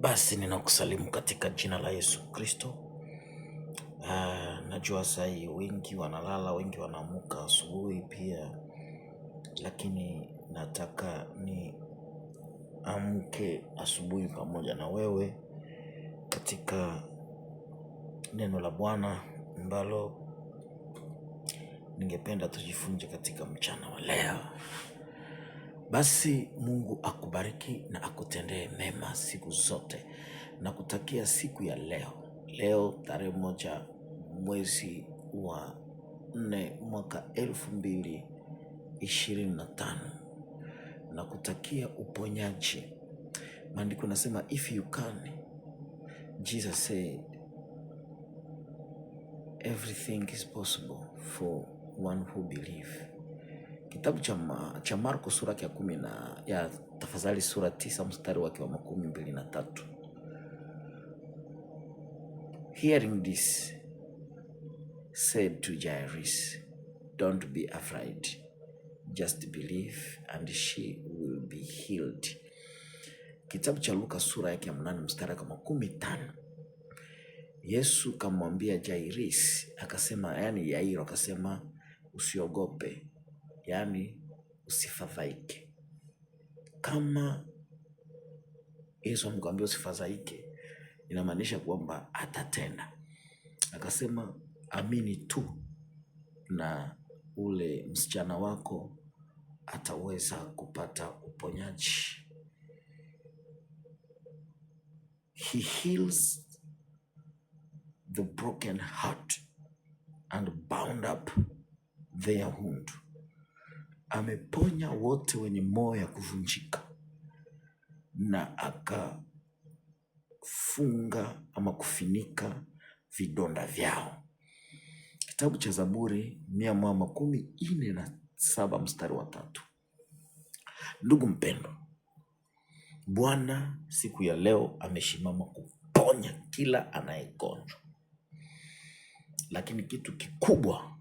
Basi ninakusalimu katika jina la Yesu Kristo. Uh, najua sahii wengi wanalala, wengi wanaamuka asubuhi pia, lakini nataka ni amke asubuhi pamoja na wewe katika neno la Bwana ambalo ningependa tujifunze katika mchana wa leo. Basi Mungu akubariki na akutendee mema siku zote. na kutakia siku ya leo, leo tarehe moja mwezi wa nne mwaka elfu mbili ishirini na tano. na kutakia uponyaji. Maandiko nasema if you can, Jesus said everything is possible for one who believe. Kitabu cha, ma, cha Marko sura ya kumi na ya tafadhali sura tisa mstari wake wa makumi mbili na tatu. Hearing this said to Jairus, don't be afraid, just believe and she will be healed. Kitabu cha Luka sura yake ya mnane mstari wa kumi tano. Yesu kamwambia Jairus akasema, yani Yairo akasema, usiogope yaani usifadhaike. Kama Yesu amkwambia usifadhaike, inamaanisha kwamba atatenda. Akasema amini tu, na ule msichana wako ataweza kupata uponyaji. He heals the broken heart and bound up their wound ameponya wote wenye moyo ya kuvunjika na akafunga ama kufinika vidonda vyao. Kitabu cha Zaburi mia moja makumi ine na saba mstari wa tatu. Ndugu mpendo Bwana siku ya leo ameshimama kuponya kila anayegonjwa, lakini kitu kikubwa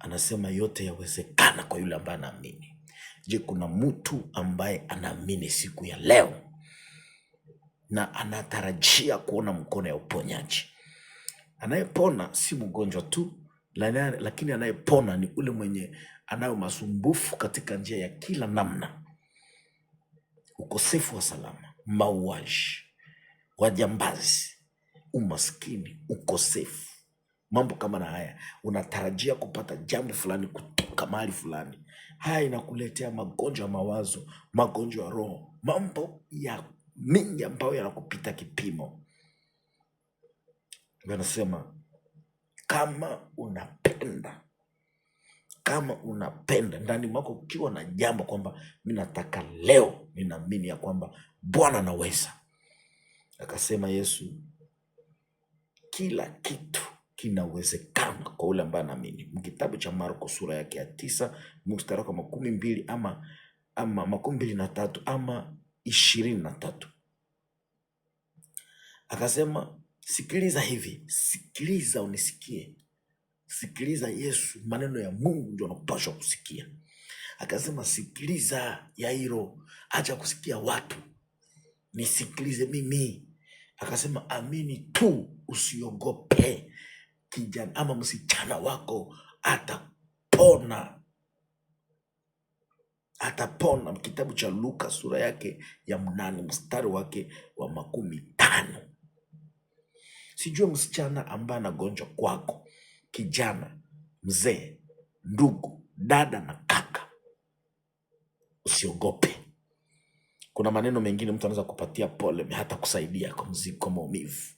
anasema yote yawezekana kwa yule ambaye anaamini. Je, kuna mtu ambaye anaamini siku ya leo na anatarajia kuona mkono ya uponyaji? Anayepona si mgonjwa tu, lakini anayepona ni ule mwenye anayo masumbufu katika njia ya kila namna: ukosefu wa salama, mauaji, wajambazi, umaskini, ukosefu mambo kama na haya, unatarajia kupata jambo fulani kutoka mahali fulani. Haya inakuletea magonjwa ya mawazo, magonjwa ya roho, mambo ya mingi ambayo yanakupita kipimo. wanasema kama unapenda kama unapenda ndani mwako ukiwa na jambo kwamba mi nataka leo, ninaamini ya kwamba Bwana anaweza. Akasema Yesu, kila kitu kinawezekana kwa ule ambaye anaamini. Mkitabu cha Marko sura yake ya tisa mstari wake makumi mbili ama, ama makumi mbili na tatu ama ishirini na tatu akasema, sikiliza hivi, sikiliza unisikie, sikiliza Yesu, maneno ya Mungu ndio anapashwa kusikia. Akasema, sikiliza Yairo, acha kusikia watu, nisikilize mimi. Akasema, amini tu, usiogope kijana ama msichana wako atapona, atapona. Kitabu cha Luka sura yake ya mnane mstari wake wa makumi tano. Sijue msichana ambaye anagonjwa kwako, kijana, mzee, ndugu, dada na kaka, usiogope. Kuna maneno mengine mtu anaweza kupatia pole, hata kusaidia kwa mzigo, maumivu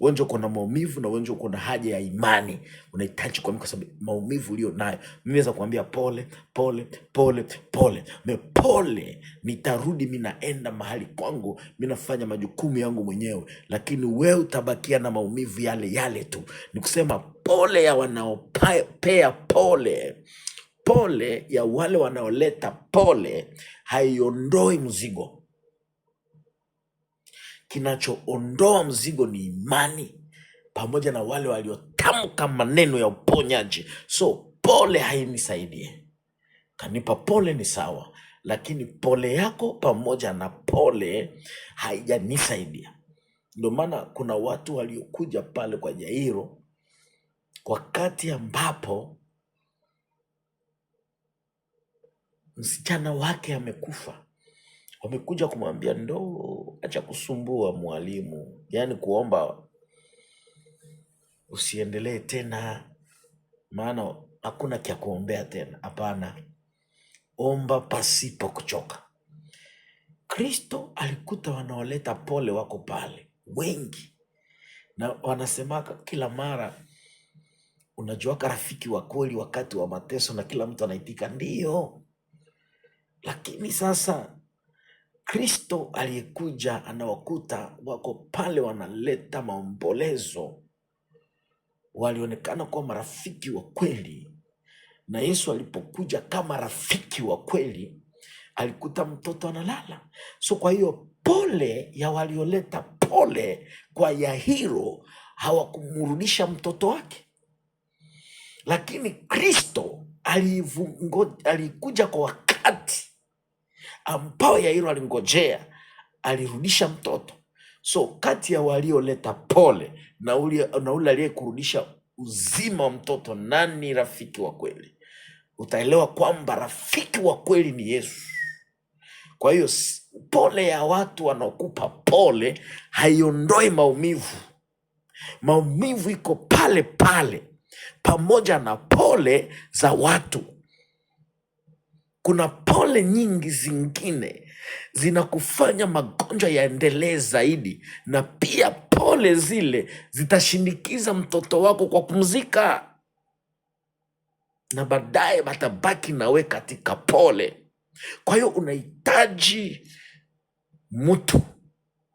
Uwanja uko na maumivu na uwanja uko na haja ya imani, unahitaji kwa sababu maumivu ulio nayo. Mimi naweza kuambia pole pole pole pole me pole, nitarudi, mi naenda mahali kwangu, mi nafanya majukumu yangu mwenyewe, lakini wewe utabakia na maumivu yale yale tu. Ni kusema pole ya wanaopea pole pole ya wale wanaoleta pole haiondoi mzigo. Kinachoondoa mzigo ni imani pamoja na wale waliotamka maneno ya uponyaji. So pole hainisaidie, kanipa pole ni sawa, lakini pole yako pamoja na pole haijanisaidia. Ndio maana kuna watu waliokuja pale kwa Jairo wakati ambapo msichana wake amekufa, wamekuja kumwambia ndoo, acha kusumbua mwalimu, yaani kuomba usiendelee tena, maana hakuna cha kuombea tena. Hapana, omba pasipo kuchoka. Kristo alikuta wanaoleta pole wako pale wengi, na wanasemaka kila mara, unajuaka rafiki wa kweli wakati wa mateso, na kila mtu anaitika ndiyo. Lakini sasa Kristo aliyekuja anawakuta wako pale, wanaleta maombolezo, walionekana kuwa marafiki wa kweli. Na Yesu alipokuja kama rafiki wa kweli, alikuta mtoto analala. So kwa hiyo pole ya walioleta pole kwa yahiro hawakumrudisha mtoto wake, lakini Kristo alikuja kwa wakati ambao Yairo alingojea, alirudisha mtoto. So kati ya walioleta pole na ule aliyekurudisha uzima wa mtoto, nani rafiki wa kweli? Utaelewa kwamba rafiki wa kweli ni Yesu. Kwa hiyo pole ya watu wanaokupa pole haiondoi maumivu. Maumivu iko pale pale, pamoja na pole za watu kuna pole nyingi zingine zinakufanya magonjwa yaendelee zaidi, na pia pole zile zitashinikiza mtoto wako kwa pumzika, na baadaye batabaki nawe katika pole. Kwa hiyo unahitaji mtu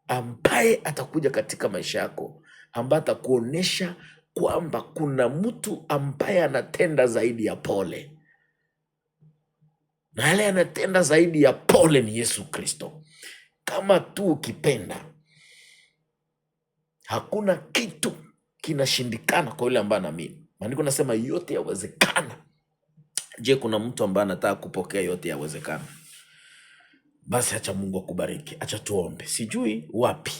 ambaye atakuja katika maisha yako ambaye atakuonyesha kwamba kuna mtu ambaye anatenda zaidi ya pole na yale anatenda zaidi ya pole ni Yesu Kristo. Kama tu ukipenda, hakuna kitu kinashindikana kwa yule ambaye anaamini. Maandiko nasema yote yawezekana. Je, kuna mtu ambaye anataka kupokea yote yawezekana? Basi acha Mungu akubariki. Acha tuombe, sijui wapi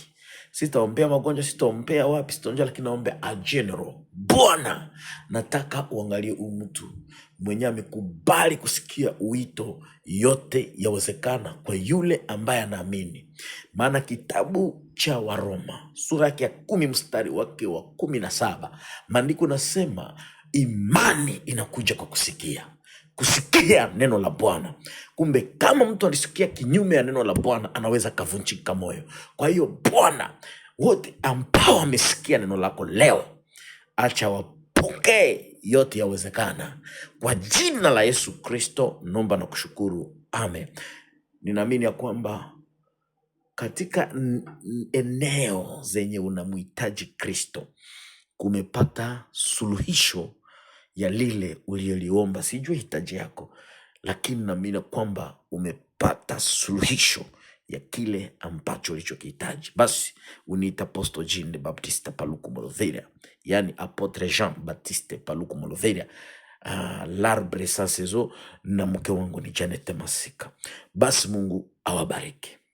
sitaombea magonjwa, sitaombea wapi, sitaombea lakini naombea a general. Bwana, nataka uangalie huyu mtu mwenyewe amekubali kusikia uito, yote yawezekana kwa yule ambaye anaamini. Maana kitabu cha Waroma sura yake ya kumi mstari wake wa kumi na saba maandiko nasema imani inakuja kwa kusikia kusikia neno la Bwana. Kumbe kama mtu alisikia kinyume ya neno la Bwana, anaweza kavunjika moyo. Kwa hiyo, Bwana, wote ambao wamesikia neno lako leo, acha wapokee, yote yawezekana. Kwa jina la Yesu Kristo nomba na kushukuru, amen. Ninaamini ya kwamba katika eneo zenye unamhitaji Kristo kumepata suluhisho ya lile uliyoliomba, Sijui hitaji yako, lakini naamini kwamba umepata suluhisho ya kile ambacho ulichokihitaji. Basi uniita Apostle Jean de Baptiste Paluku Moloveria, yani Apotre Jean Baptiste Paluku Moloveria. Uh, ah, l'arbre sans saison na mke wangu ni Janet Masika. Basi Mungu awabariki.